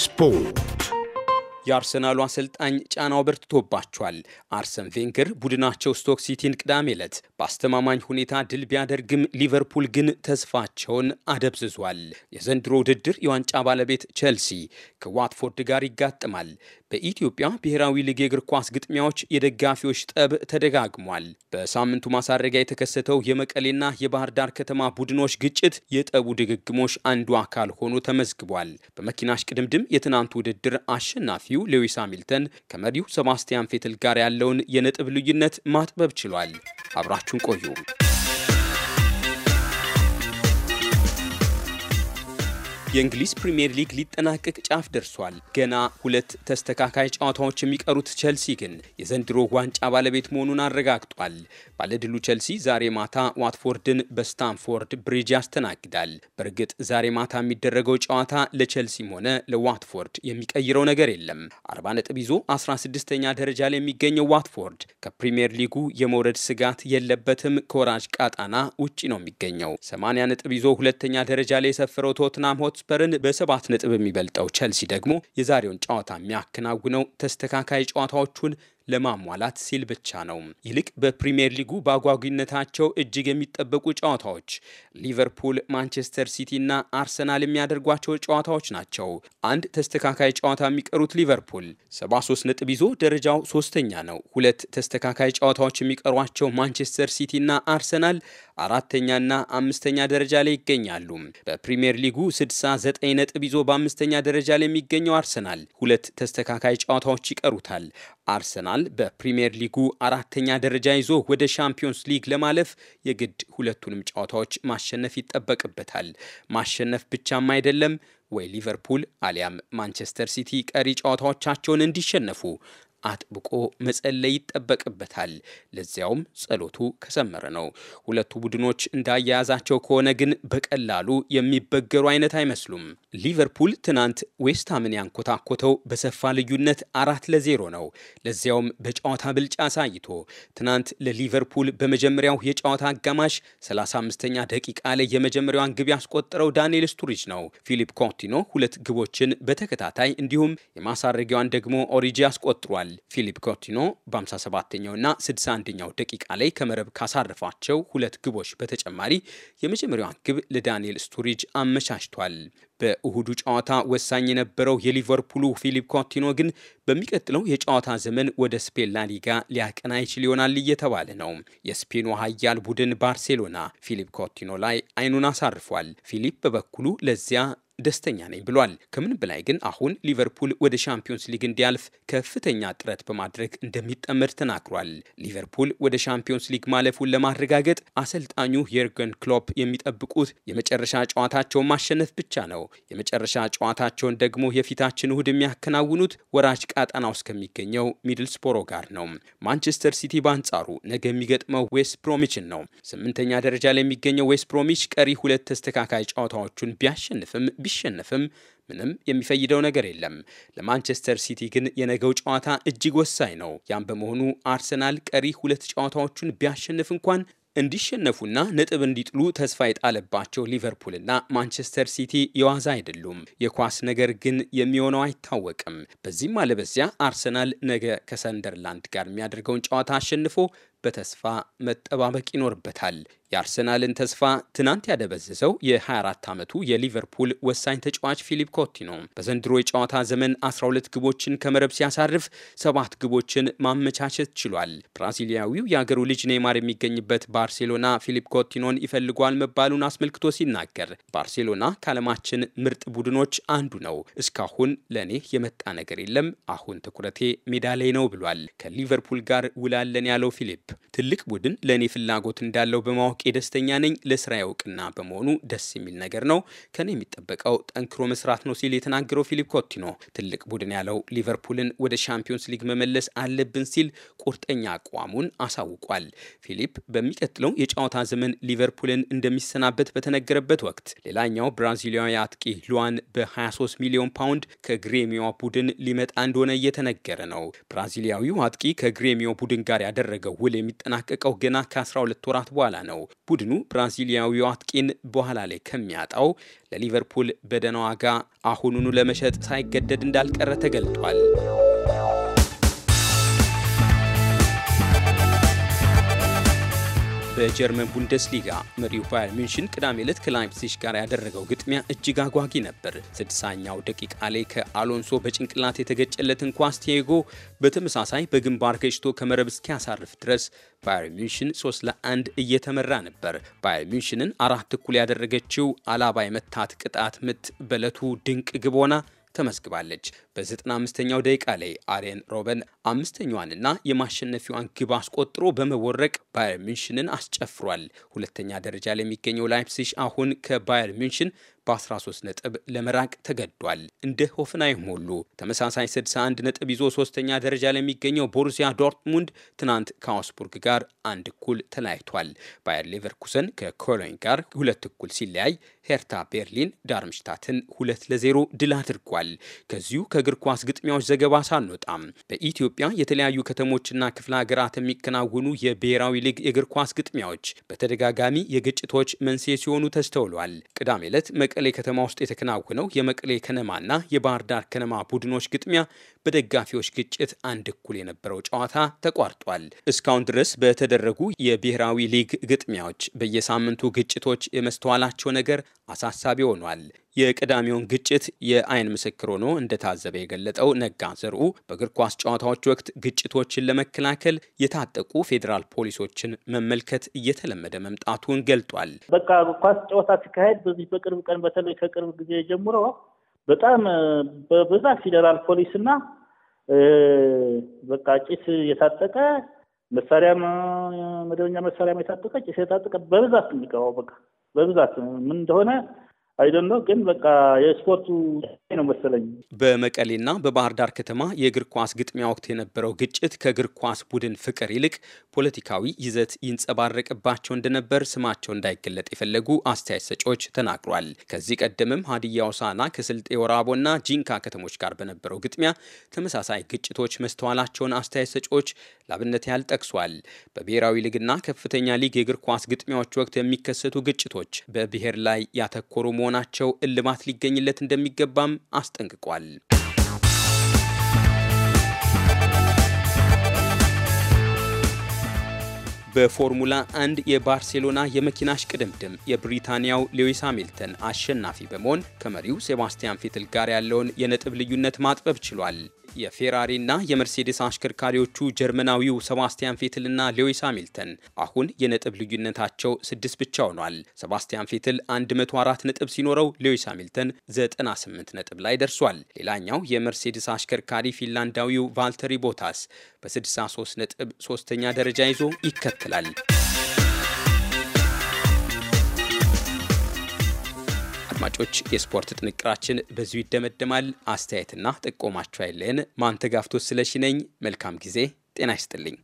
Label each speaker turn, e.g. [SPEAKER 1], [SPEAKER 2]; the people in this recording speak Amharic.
[SPEAKER 1] ስፖርት የአርሰናሉ አሰልጣኝ ጫናው በርትቶባቸዋል። አርሰን ቬንገር ቡድናቸው ስቶክ ሲቲን ቅዳሜ ዕለት በአስተማማኝ ሁኔታ ድል ቢያደርግም ሊቨርፑል ግን ተስፋቸውን አደብዝዟል። የዘንድሮ ውድድር የዋንጫ ባለቤት ቼልሲ ከዋትፎርድ ጋር ይጋጥማል። በኢትዮጵያ ብሔራዊ ሊግ የእግር ኳስ ግጥሚያዎች የደጋፊዎች ጠብ ተደጋግሟል። በሳምንቱ ማሳረጊያ የተከሰተው የመቀሌና የባህር ዳር ከተማ ቡድኖች ግጭት የጠቡ ድግግሞች አንዱ አካል ሆኖ ተመዝግቧል። በመኪና እሽቅድምድም የትናንቱ ውድድር አሸናፊው ሌዊስ ሃሚልተን ከመሪው ሰባስቲያን ፌትል ጋር ያለውን የነጥብ ልዩነት ማጥበብ ችሏል። አብራችሁን ቆዩ። የእንግሊዝ ፕሪምየር ሊግ ሊጠናቀቅ ጫፍ ደርሷል። ገና ሁለት ተስተካካይ ጨዋታዎች የሚቀሩት ቸልሲ ግን የዘንድሮ ዋንጫ ባለቤት መሆኑን አረጋግጧል። ባለድሉ ቸልሲ ዛሬ ማታ ዋትፎርድን በስታንፎርድ ብሪጅ ያስተናግዳል። በእርግጥ ዛሬ ማታ የሚደረገው ጨዋታ ለቸልሲም ሆነ ለዋትፎርድ የሚቀይረው ነገር የለም። 40 ነጥብ ይዞ 16ኛ ደረጃ ላይ የሚገኘው ዋትፎርድ ከፕሪምየር ሊጉ የመውረድ ስጋት የለበትም፣ ከወራጅ ቃጣና ውጭ ነው የሚገኘው። 80 ነጥብ ይዞ ሁለተኛ ደረጃ ላይ የሰፈረው ቶትናም ሆት ሆትስፐርን በሰባት ነጥብ የሚበልጠው ቸልሲ ደግሞ የዛሬውን ጨዋታ የሚያከናውነው ተስተካካይ ጨዋታዎቹን ለማሟላት ሲል ብቻ ነው። ይልቅ በፕሪምየር ሊጉ በአጓጊነታቸው እጅግ የሚጠበቁ ጨዋታዎች ሊቨርፑል፣ ማንቸስተር ሲቲ እና አርሰናል የሚያደርጓቸው ጨዋታዎች ናቸው። አንድ ተስተካካይ ጨዋታ የሚቀሩት ሊቨርፑል 73 ነጥብ ይዞ ደረጃው ሶስተኛ ነው። ሁለት ተስተካካይ ጨዋታዎች የሚቀሯቸው ማንቸስተር ሲቲ እና አርሰናል አራተኛና አምስተኛ ደረጃ ላይ ይገኛሉ። በፕሪምየር ሊጉ 69 ነጥብ ይዞ በአምስተኛ ደረጃ ላይ የሚገኘው አርሰናል ሁለት ተስተካካይ ጨዋታዎች ይቀሩታል። አርሰናል በፕሪምየር ሊጉ አራተኛ ደረጃ ይዞ ወደ ሻምፒዮንስ ሊግ ለማለፍ የግድ ሁለቱንም ጨዋታዎች ማሸነፍ ይጠበቅበታል። ማሸነፍ ብቻም አይደለም ወይ ሊቨርፑል አሊያም ማንቸስተር ሲቲ ቀሪ ጨዋታዎቻቸውን እንዲሸነፉ አጥብቆ መጸለይ ይጠበቅበታል። ለዚያውም ጸሎቱ ከሰመረ ነው። ሁለቱ ቡድኖች እንዳያያዛቸው ከሆነ ግን በቀላሉ የሚበገሩ አይነት አይመስሉም። ሊቨርፑል ትናንት ዌስትሃምን ያንኮታኮተው በሰፋ ልዩነት አራት ለዜሮ ነው። ለዚያውም በጨዋታ ብልጫ አሳይቶ ትናንት ለሊቨርፑል በመጀመሪያው የጨዋታ አጋማሽ 35ኛ ደቂቃ ላይ የመጀመሪያዋን ግብ ያስቆጠረው ዳንኤል ስቱሪጅ ነው። ፊሊፕ ኮንቲኖ ሁለት ግቦችን በተከታታይ እንዲሁም የማሳረጊያዋን ደግሞ ኦሪጂ አስቆጥሯል። አድርጓል። ፊሊፕ ኮቲኖ በ57ኛው እና 61ኛው ደቂቃ ላይ ከመረብ ካሳረፏቸው ሁለት ግቦች በተጨማሪ የመጀመሪያዋን ግብ ለዳንኤል ስቱሪጅ አመቻችቷል። በእሁዱ ጨዋታ ወሳኝ የነበረው የሊቨርፑሉ ፊሊፕ ኮቲኖ ግን በሚቀጥለው የጨዋታ ዘመን ወደ ስፔን ላሊጋ ሊያቀና ይችል ይሆናል እየተባለ ነው። የስፔኑ ኃያል ቡድን ባርሴሎና ፊሊፕ ኮቲኖ ላይ አይኑን አሳርፏል። ፊሊፕ በበኩሉ ለዚያ ደስተኛ ነኝ ብሏል። ከምን በላይ ግን አሁን ሊቨርፑል ወደ ሻምፒዮንስ ሊግ እንዲያልፍ ከፍተኛ ጥረት በማድረግ እንደሚጠመድ ተናግሯል። ሊቨርፑል ወደ ሻምፒዮንስ ሊግ ማለፉን ለማረጋገጥ አሰልጣኙ የርገን ክሎፕ የሚጠብቁት የመጨረሻ ጨዋታቸውን ማሸነፍ ብቻ ነው። የመጨረሻ ጨዋታቸውን ደግሞ የፊታችን እሁድ የሚያከናውኑት ወራጅ ውስጥ ከሚገኘው ሚድልስፖሮ ጋር ነው። ማንቸስተር ሲቲ በአንጻሩ ነገ የሚገጥመው ዌስት ፕሮሚችን ነው። ስምንተኛ ደረጃ ላይ የሚገኘው ዌስት ብሮሚች ቀሪ ሁለት ተስተካካይ ጨዋታዎቹን ቢያሸንፍም ቢሸነፍም ምንም የሚፈይደው ነገር የለም። ለማንቸስተር ሲቲ ግን የነገው ጨዋታ እጅግ ወሳኝ ነው። ያም በመሆኑ አርሰናል ቀሪ ሁለት ጨዋታዎቹን ቢያሸንፍ እንኳን እንዲሸነፉና ነጥብ እንዲጥሉ ተስፋ የጣለባቸው ሊቨርፑልና ማንቸስተር ሲቲ የዋዛ አይደሉም። የኳስ ነገር ግን የሚሆነው አይታወቅም። በዚህም አለበዚያ አርሰናል ነገ ከሰንደርላንድ ጋር የሚያደርገውን ጨዋታ አሸንፎ በተስፋ መጠባበቅ ይኖርበታል። የአርሰናልን ተስፋ ትናንት ያደበዘዘው የ24 ዓመቱ የሊቨርፑል ወሳኝ ተጫዋች ፊሊፕ ኮቲ ነው። በዘንድሮ የጨዋታ ዘመን 12 ግቦችን ከመረብ ሲያሳርፍ ሰባት ግቦችን ማመቻቸት ችሏል። ብራዚሊያዊው የአገሩ ልጅ ኔይማር የሚገኝበት ባርሴሎና ፊሊፕ ኮቲኖን ይፈልጓል መባሉን አስመልክቶ ሲናገር ባርሴሎና ከዓለማችን ምርጥ ቡድኖች አንዱ ነው፣ እስካሁን ለእኔ የመጣ ነገር የለም፣ አሁን ትኩረቴ ሜዳ ላይ ነው ብሏል። ከሊቨርፑል ጋር ውላለን ያለው ፊሊፕ ትልቅ ቡድን ለእኔ ፍላጎት እንዳለው በማወቄ ደስተኛ ነኝ። ለስራ ያውቅና በመሆኑ ደስ የሚል ነገር ነው። ከኔ የሚጠበቀው ጠንክሮ መስራት ነው ሲል የተናገረው ፊሊፕ ኮቲኖ ትልቅ ቡድን ያለው ሊቨርፑልን ወደ ሻምፒዮንስ ሊግ መመለስ አለብን ሲል ቁርጠኛ አቋሙን አሳውቋል። ፊሊፕ በሚቀጥለው የጨዋታ ዘመን ሊቨርፑልን እንደሚሰናበት በተነገረበት ወቅት ሌላኛው ብራዚሊያዊ አጥቂ ሉዋን በ23 ሚሊዮን ፓውንድ ከግሬሚዮ ቡድን ሊመጣ እንደሆነ እየተነገረ ነው። ብራዚሊያዊው አጥቂ ከግሬሚዮ ቡድን ጋር ያደረገው ውል የሚጠናቀቀው ገና ከ12 ወራት በኋላ ነው። ቡድኑ ብራዚሊያዊው አጥቂን በኋላ ላይ ከሚያጣው ለሊቨርፑል በደህና ዋጋ አሁኑኑ ለመሸጥ ሳይገደድ እንዳልቀረ ተገልጧል። በጀርመን ቡንደስሊጋ መሪው ባየር ሚንሽን ቅዳሜ ዕለት ከላይፕሲሽ ጋር ያደረገው ግጥሚያ እጅግ አጓጊ ነበር። ስድሳኛው ደቂቃ ላይ ከአሎንሶ በጭንቅላት የተገጨለትን ኳስ ቲያጎ በተመሳሳይ በግንባር ገጭቶ ከመረብ እስኪያሳርፍ ድረስ ባየር ሚንሽን 3 ለ1 እየተመራ ነበር። ባየር ሚንሽንን አራት እኩል ያደረገችው አላባ የመታት ቅጣት ምት በዕለቱ ድንቅ ግብ ሆና ተመስግባለች። በ95ኛው ደቂቃ ላይ አሬን ሮበን አምስተኛዋንና የማሸነፊዋን ግብ አስቆጥሮ በመቦረቅ ባየር ሚንሽንን አስጨፍሯል። ሁለተኛ ደረጃ ላይ የሚገኘው ላይፕሲሽ አሁን ከባየር ሚንሽን በ13 ነጥብ ለመራቅ ተገዷል። እንደ ሆፍናይም ሁሉ ተመሳሳይ 61 ነጥብ ይዞ ሶስተኛ ደረጃ ላይ የሚገኘው ቦሩሲያ ዶርትሙንድ ትናንት ከአውስቡርግ ጋር አንድ እኩል ተለያይቷል። ባየር ሌቨርኩሰን ከኮሎኝ ጋር ሁለት እኩል ሲለያይ ሄርታ ቤርሊን ዳርምሽታትን ሁለት ለዜሮ ድል አድርጓል። ከዚሁ ከእግር ኳስ ግጥሚያዎች ዘገባ ሳንወጣም በኢትዮጵያ የተለያዩ ከተሞችና ክፍለ ሀገራት የሚከናወኑ የብሔራዊ ሊግ የእግር ኳስ ግጥሚያዎች በተደጋጋሚ የግጭቶች መንስኤ ሲሆኑ ተስተውሏል። ቅዳሜ ዕለት መቀሌ ከተማ ውስጥ የተከናወነው የመቀሌ ከነማና የባህር ዳር ከነማ ቡድኖች ግጥሚያ በደጋፊዎች ግጭት አንድ እኩል የነበረው ጨዋታ ተቋርጧል። እስካሁን ድረስ በተደረጉ የብሔራዊ ሊግ ግጥሚያዎች በየሳምንቱ ግጭቶች የመስተዋላቸው ነገር አሳሳቢ ሆኗል። የቅዳሜውን ግጭት የአይን ምስክር ሆኖ እንደታዘበ የገለጠው ነጋ ዘርኡ በእግር ኳስ ጨዋታዎች ወቅት ግጭቶችን ለመከላከል የታጠቁ ፌዴራል ፖሊሶችን መመልከት እየተለመደ መምጣቱን ገልጧል። በቃ ኳስ ጨዋታ ሲካሄድ በዚህ በቅርብ ቀን በተለይ ከቅርብ ጊዜ ጀምሮ በጣም በብዛት ፌዴራል ፖሊስ እና በቃ ጭስ የታጠቀ መሳሪያም መደበኛ መሳሪያም የታጠቀ ጭስ የታጠቀ በብዛት የሚቀባው በቃ በብዛት ምን እንደሆነ I don't know, Can like uh, yes, what to ነው መሰለኝ። በመቀሌና በባህር ዳር ከተማ የእግር ኳስ ግጥሚያ ወቅት የነበረው ግጭት ከእግር ኳስ ቡድን ፍቅር ይልቅ ፖለቲካዊ ይዘት ይንጸባረቅባቸው እንደነበር ስማቸው እንዳይገለጥ የፈለጉ አስተያየት ሰጪዎች ተናግሯል። ከዚህ ቀደምም ሀዲያ ሆሳዕና ከስልጤ ወራቦና ጂንካ ከተሞች ጋር በነበረው ግጥሚያ ተመሳሳይ ግጭቶች መስተዋላቸውን አስተያየት ሰጪዎች ላብነት ያህል ጠቅሷል። በብሔራዊ ሊግና ከፍተኛ ሊግ የእግር ኳስ ግጥሚያዎች ወቅት የሚከሰቱ ግጭቶች በብሔር ላይ ያተኮሩ መሆናቸው እልባት ሊገኝለት እንደሚገባም አስጠንቅቋል። በፎርሙላ አንድ የባርሴሎና የመኪና እሽቅድምድም የብሪታንያው ሌዊስ ሃሚልተን አሸናፊ በመሆን ከመሪው ሴባስቲያን ፌትል ጋር ያለውን የነጥብ ልዩነት ማጥበብ ችሏል። የፌራሪና የመርሴዴስ አሽከርካሪዎቹ ጀርመናዊው ሰባስቲያን ፌትል ና ሌዊስ ሃሚልተን አሁን የነጥብ ልዩነታቸው ስድስት ብቻ ሆኗል። ሰባስቲያን ፌትል 104 ነጥብ ሲኖረው ሌዊስ ሃሚልተን 98 ነጥብ ላይ ደርሷል። ሌላኛው የመርሴዴስ አሽከርካሪ ፊንላንዳዊው ቫልተሪ ቦታስ በ63 ነጥብ ሶስተኛ ደረጃ ይዞ ይከተላል። አድማጮች፣ የስፖርት ጥንቅራችን በዚሁ ይደመደማል። አስተያየትና ጥቆማቸው አይለን። ማንተጋፍቶ ስለሺ ነኝ። መልካም ጊዜ። ጤና ይስጥልኝ።